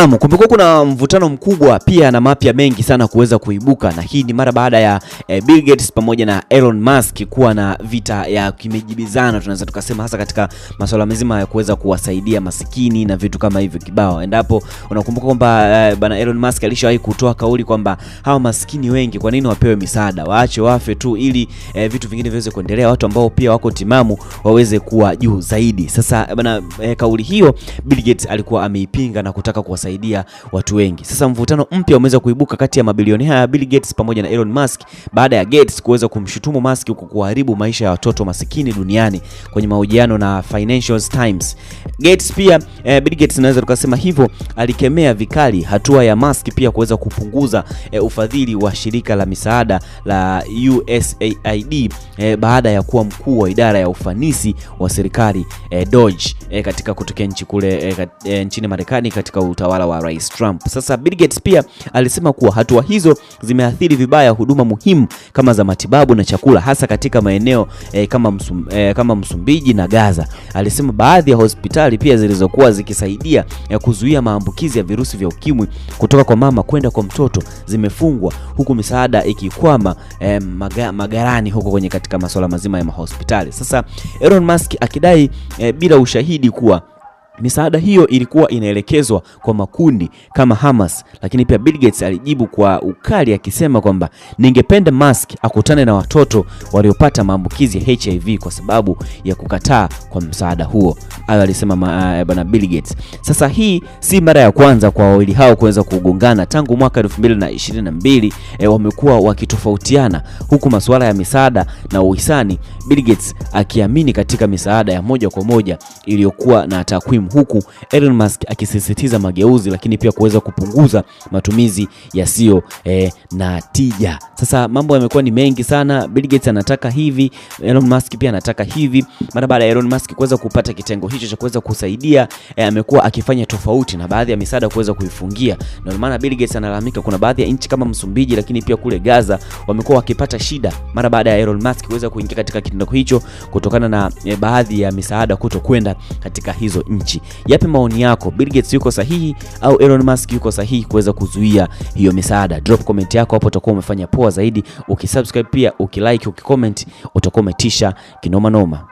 Naam, kumekuwa kuna mvutano mkubwa pia na mapya mengi sana kuweza kuibuka na hii ni mara baada ya e, Bill Gates pamoja na Elon Musk kuwa na vita ya kimejibizana, tunaweza tukasema hasa katika masuala mazima ya kuweza kuwasaidia masikini na vitu kama hivyo kibao. Endapo unakumbuka kwamba e, eh, bana Elon Musk alishawahi kutoa kauli kwamba hawa masikini wengi kwa nini wapewe misaada, waache wafe tu ili e, vitu vingine viweze kuendelea, watu ambao pia wako timamu waweze kuwa juu zaidi. Sasa bana e, kauli hiyo Bill Gates alikuwa ameipinga na kutaka kuwasaidia kusaidia watu wengi. Sasa mvutano mpya umeweza kuibuka kati ya mabilionea ya Bill Gates pamoja na Elon Musk baada ya Gates kuweza kumshutumu Musk kwa kuharibu maisha ya watoto masikini duniani kwenye mahojiano na Financial Times. Gates pia eh, Bill Gates naweza tukasema hivyo, alikemea vikali hatua ya Musk pia kuweza kupunguza eh, ufadhili wa shirika la misaada la USAID eh, baada ya kuwa mkuu wa idara ya ufanisi wa serikali eh, Dodge eh, katika kutokea nchi kule eh, kat, eh, nchini Marekani katika utawala utawala wa Rais Trump. Sasa Bill Gates pia alisema kuwa hatua hizo zimeathiri vibaya huduma muhimu kama za matibabu na chakula hasa katika maeneo eh, kama, Msum, eh, kama Msumbiji na Gaza. Alisema baadhi ya hospitali pia zilizokuwa zikisaidia ya eh, kuzuia maambukizi ya virusi vya ukimwi kutoka kwa mama kwenda kwa mtoto zimefungwa huku misaada ikikwama eh, maga, magarani huko kwenye katika masuala mazima ya mahospitali. Sasa Elon Musk akidai eh, bila ushahidi kuwa Misaada hiyo ilikuwa inaelekezwa kwa makundi kama Hamas, lakini pia Bill Gates alijibu kwa ukali akisema kwamba ningependa Musk akutane na watoto waliopata maambukizi ya HIV kwa sababu ya kukataa kwa msaada huo hayo alisema eh, bwana Bill Gates. Sasa hii si mara ya kwanza kwa wawili hao kuweza kugongana. Tangu mwaka 2022 e, eh, wamekuwa wakitofautiana huku masuala ya misaada na uhisani, Bill Gates akiamini katika misaada ya moja kwa moja iliyokuwa na takwimu, huku Elon Musk akisisitiza mageuzi, lakini pia kuweza kupunguza matumizi yasiyo e, na tija. Sasa mambo yamekuwa ni mengi sana. Bill Gates anataka hivi, Elon Musk pia anataka hivi. Mara baada ya Elon Musk kuweza kupata kitengo hicho hicho cha kuweza kusaidia eh, amekuwa akifanya tofauti na baadhi ya misaada kuweza kuifungia, na ndio maana Bill Gates analalamika kuna baadhi ya nchi kama Msumbiji, lakini pia kule Gaza wamekuwa wakipata shida mara baada ya Elon Musk kuweza kuingia katika kitendo hicho kutokana na eh, baadhi ya misaada kutokwenda katika hizo nchi. Yapi maoni yako? Bill Gates yuko sahihi au Elon Musk yuko sahihi kuweza kuzuia hiyo misaada? Drop comment yako hapo, utakuwa umefanya poa zaidi. Ukisubscribe pia ukilike, ukicomment utakuwa umetisha kinoma noma.